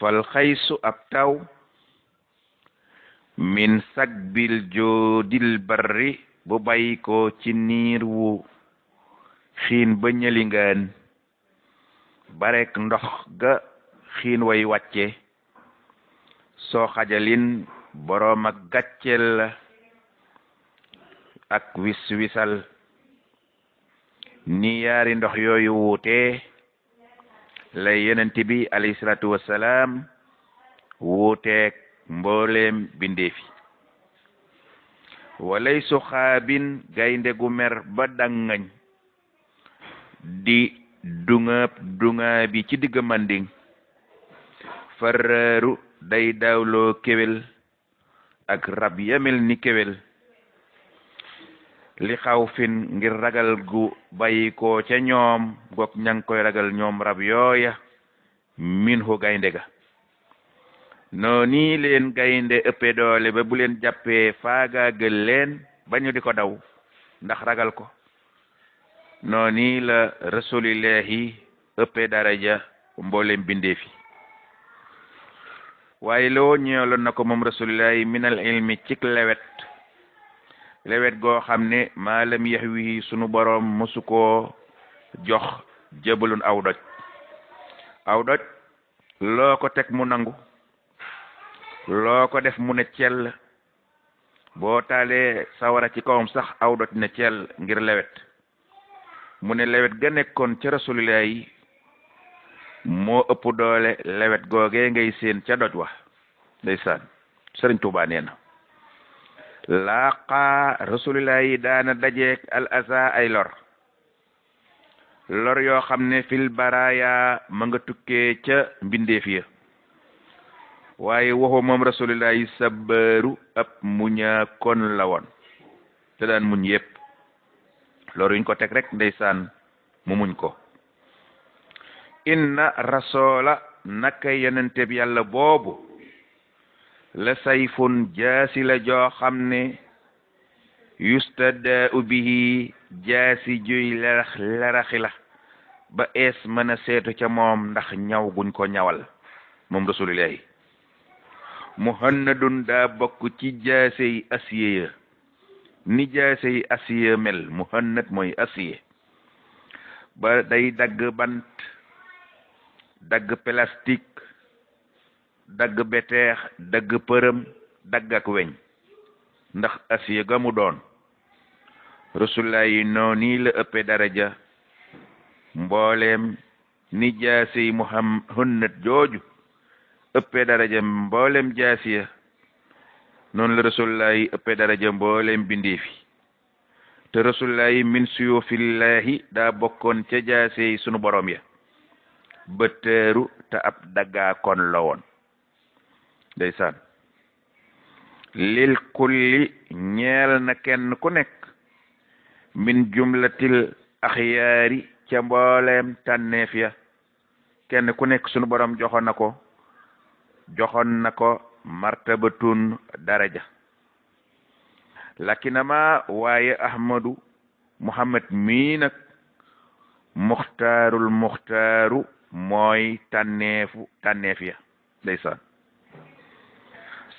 xaysu ab taw min sagbil joodil barri bu bàyyi ko ci niir wu xiin ba ñëlingaan barek ndox ga xiin way wàcce soo xajalin boroom ak gàccel la ak wis wisal ni yaari ndox yooyu wuute lay yonent bi alayhi salaatu wassalaam wuuteeg mbooleem bindeefi walay su xaabin gaynde gu mer ba dangañ di dungaab dungaa bi ci digg manding faraaru day daawloo kewel ak rab yamel ni kewel li xaw fin ngir ragal gu bàyyi ko ca ñoom goog ña koy ragal ñoom rab yooya min hu gaynde ga noo ni leen gaynde ëppe doole ba bu leen jàppee faagaagal leen ba ñu di ko daw ndax ragal ko noo ni la rasulillahi ëppe daraja mboolem bindeef yi waaye loo ñeeloon na ko moom rasulillahi minal ilmi cik lewet lewet goo xam ne maalam yax wi sunu boroom mosu koo jox jëbalun aw doj aw doj loo ko teg mu nangu loo ko def mu ne cell boo taalee sawara ci kawam sax aw doj ne cell ngir lewet mu ne lewet ga nekkoon ca rasulillah yi moo ëpp doole lewet googee ngay séen ca doj wa ndeysaan sëriñ Tuubaa nee na laaqa rasulillah yi daana dajeek al ay lor lor yoo xam ne fil baraya ma nga tukkee ca mbindeef ya waaye waxu moom rasulillah yi sabaru ab muña kon la woon te daan muñ yépp lor yuñ ko teg rek ndeysaan mu muñ ko inna rasola naka yonente yàlla boobu la sayfun jaasi la joo xam ne yustada ubihi jaasi juy larax laraxi la ba ees mën a seetu ca moom ndax ñaw guñ ko ñawal moom rasulillahi muhannadun daa bokk ci jaase yi asiye ya ni jaase yi asiye mel muhannad mooy asiye ba day dagg bant dagg plastique dagg beteex dagg përëm dagg ak weñ ndax asiye gamu doon rasulullah yi noo nii la ëppe daraja mbooleem ni jaasi muham hunnat jooju ëpp daraja mboolem jaasiya noonu la rasulullah ëpp ëppe daraja mboolem bindee fi te rasulullah yi min suyufillahi daa bokkoon ca jaase sunu borom ya bëtteeru te ab daggaa kon la ndeysaan lil kulli ñeel kenn ku nekk min jumlatil axyaari ca mbooleem ya kenn ku nekk sunu borom joxoon na ko joxoon na ko martabatun daraja lakinama waaye ahmadu muhammad mii nag muxtaarul mooy tànneefu tànneef ya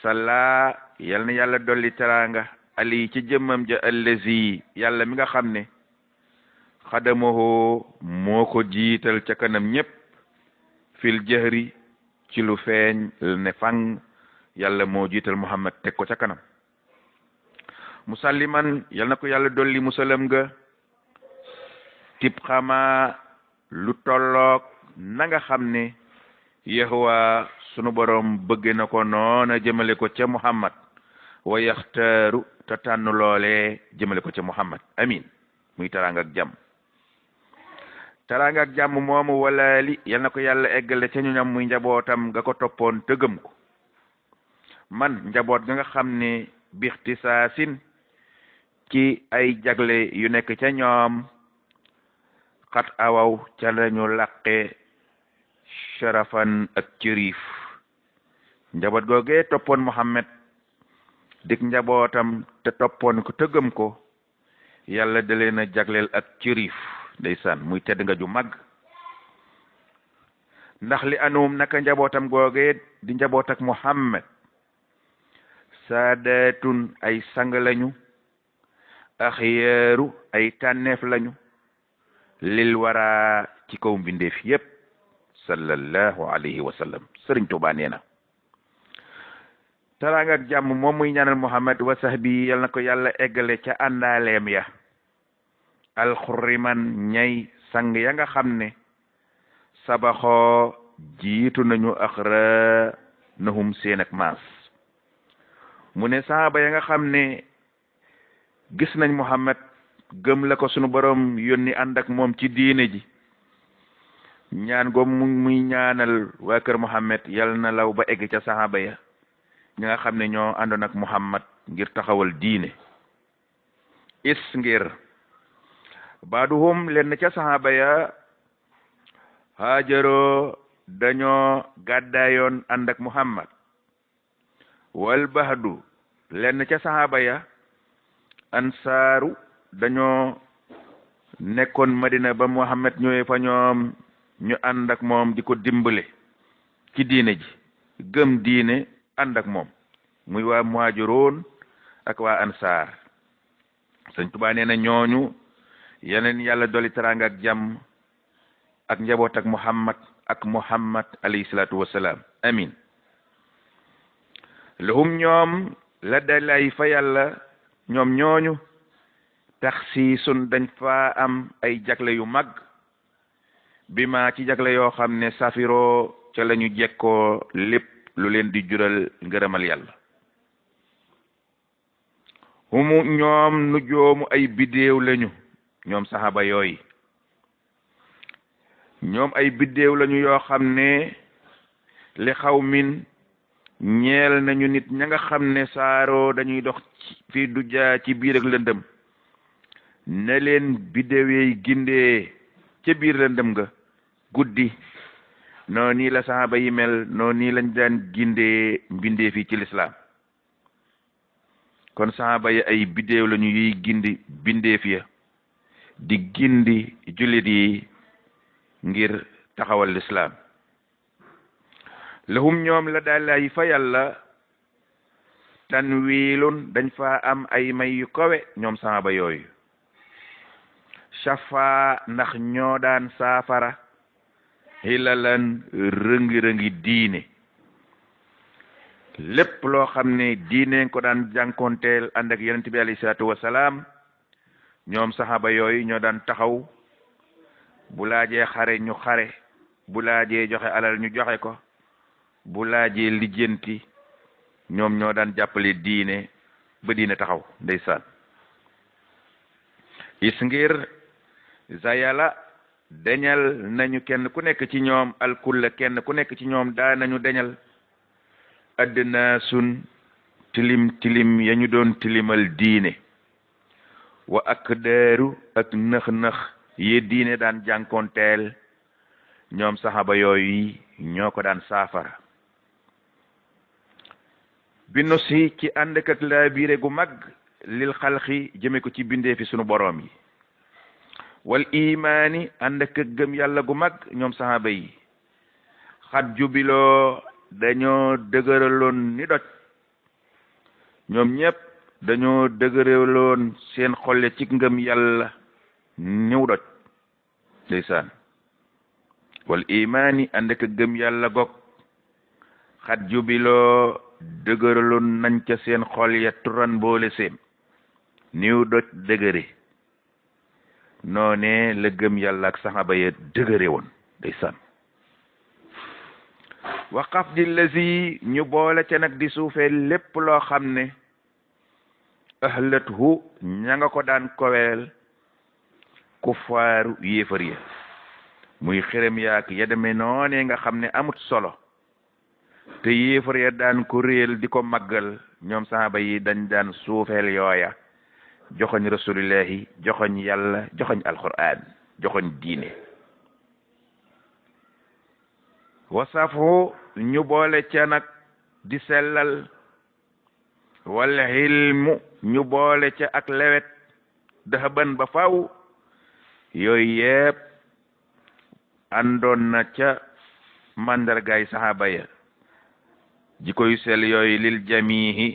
salla yal na yàlla dolli teraanga ali ci jëmmam ja allazi yàlla mi nga xam ne xadamoho ko jiital ca kanam ñépp fil jahri ci lu feeñ ne fang yàlla moo jiital muhammad teg ko ca kanam musalliman yal ko yàlla dolli musalam ga tib xama lu tolloog nanga nga xam ne sunu borom bëgg na ko noona jëmale ko ca muhammad wa yaxtaaru te tànn loolee jëmale ko ca muhammad amin muy taraanga ak jàmm taraanga ak jàmm moomu wala yal na ko yàlla eggale ca ñu muy njabootam nga ko toppoon te ko man njaboot ga nga xam ne bixtisaasin ki ay jagle yu nekk ca ñoom xat awaw ca lañu làqe sharafan ak cëriif njaboot googe toppoon Muhammad dik njabootam te toppoon ko tëggam ko yàlla da leen jagleel ak ciriif ndeysaan muy tedd nga ju mag ndax li anum naka njabootam googee di njaboot ak Muhammad saadaatun ay sang lañu axiyaaru ay tànneef lañu lil wara ci kaw mbindeef yépp sallallahu alayhi wa sallam sëriñ taraanga jàmm moom muy ñaanal muhammad wa sahbi yal na ko yàlla eggale ca àndaaleem ya alxuriman ñay sang ya nga xam ne sabaxoo jiitu nañu axra nahum seen ak mu ne saaba ya nga xam ne gis nañ muhammad gëm la ko sunu borom yónni ànd moom ci diine ji ñaan goom muy ñaanal waa kër muhammad yal na law ba egg ca saaba ya ñi xam ne ñoo àndoon ak Muhammad ngir taxawal diine is ngir baaduhum lenn ca saxaaba ya haajaro dañoo gàddaayoon ànd Muhammad wal bahdu lenn ca saxaaba ya ansaaru dañoo nekkoon Madina ba Muhammad ñëwee fa ñoom ñu ànd moom di ko dimbale ci diine ji gëm diine ànd ak moom muy waa muhaajiroon ak waa ansaar sëñ Tuubaa nee ñooñu yeneen yàlla doli teraanga ak jàmm ak njaboot ak muhammad ak muhammad alayhi salaatu wassalaam amin lahum ñoom la dalay fa yàlla ñoom ñooñu tax si sun dañ fa am ay jagle yu mag bi ma ci jagle yoo xam ne safiro ca lañu jekkoo lépp lu leen di jural ngërëmal yàlla humu ñoom nu joomu ay biddéew lañu ñoom saxaaba yooyu ñoom ay biddéew lañu yoo xam ne li xaw min ñeel nañu nit ña nga xam ne saaroo dañuy dox fi du jaa ci biir ak lëndëm ne leen biddéew yi gindee ca biir lëndëm nga guddi noo nii la saxaaba yi mel noo nii lañ daan gindee mbindee ci lislaam kon saxaaba yi ay biddeew lañu yuy gindi bindeef di gindi jullit yi ngir taxawal lislaam lahum ñoom la daalaay fa yàlla tan wiilun dañ fa am ay may kowe ñoom saxaaba yooyu safa ndax ñoo daan saafara hilalan rëngi-rëngi diine lépp loo xam ne diine ko daan jànkonteel ànd ak yonent bi alayhi salaatu wasalaam ñoom saxaaba yooyu ñoo daan taxaw bu laajee xare ñu xare bu laajee joxe alal ñu joxe ko bu laajee lijjanti ñoom ñoo daan jàppale diine ba diine taxaw ndeysaan isngir zayala deñal nañu kenn ku nekk ci ñoom alkulla kenn ku nekk ci ñoom daanañu deñal addinaa sun tilim tilim ya doon tilimal diine wa ak dëru ak nëx-nëx yi diine daan jànkonteel ñoom saxaba yooyu yi ñoo ko daan saafara bi nu si ci ànd ak laabiire gu mag lil xalxi jëme ko ci bindee fi sunu boroom yi wal imaani ànd ak gëm yàlla gu mag ñoom saxaaba yi xat jubiloo dañoo dëgëraloon ni doj ñoom ñépp dañoo dëgëraloon seen xolle ci ngëm yàlla niw doj ndeysaan wal imaani ànd ak gëm yàlla gog xat jubiloo dëgëraloon nañ ca seen xol ya turan boole seem niw doj dëgëre noonee la gëm yàlla ak saxaba ya dëgëre woon day sànn waqaf di lazi ñu boole ca nag di suufee lépp loo xam ne ahlat hu ña nga ko daan koweel kuffaaru yéefar ya muy xërëm yaak ya demee noonee nga xam ne amut solo te yéefar ya daan ko réel di ko màggal ñoom saxaba yi dañ daan suufeel yooya joxoñ rasulillahi joxoñ yàlla joxoñ alquran joxoñ diine wasafo ñu boole ca nag di selal wala xilmu ñu boole ca ak lewet dahaban ba faw yooyu yépp àndoon na ca màndargaay saxaaba ya jikko sel sell yooyu lil jamihi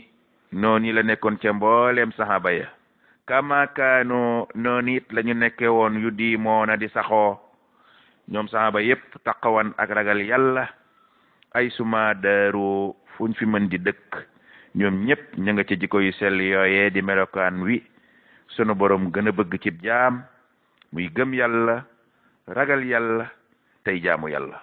noonu la nekkoon ca mbooleem saxaaba ya kama kaano noonu it la ñu nekke woon yu diimoona di saxoo ñoom saxaaba yépp taqawan ak ragal yàlla ay suma daaru fuñ fi mën di dëkk ñoom ñépp ña nga ci jikko yu sell yooyee di melokaan wi sunu borom gën a bëgg cib jaam muy gëm yàlla ragal yàlla tey jaamu yàlla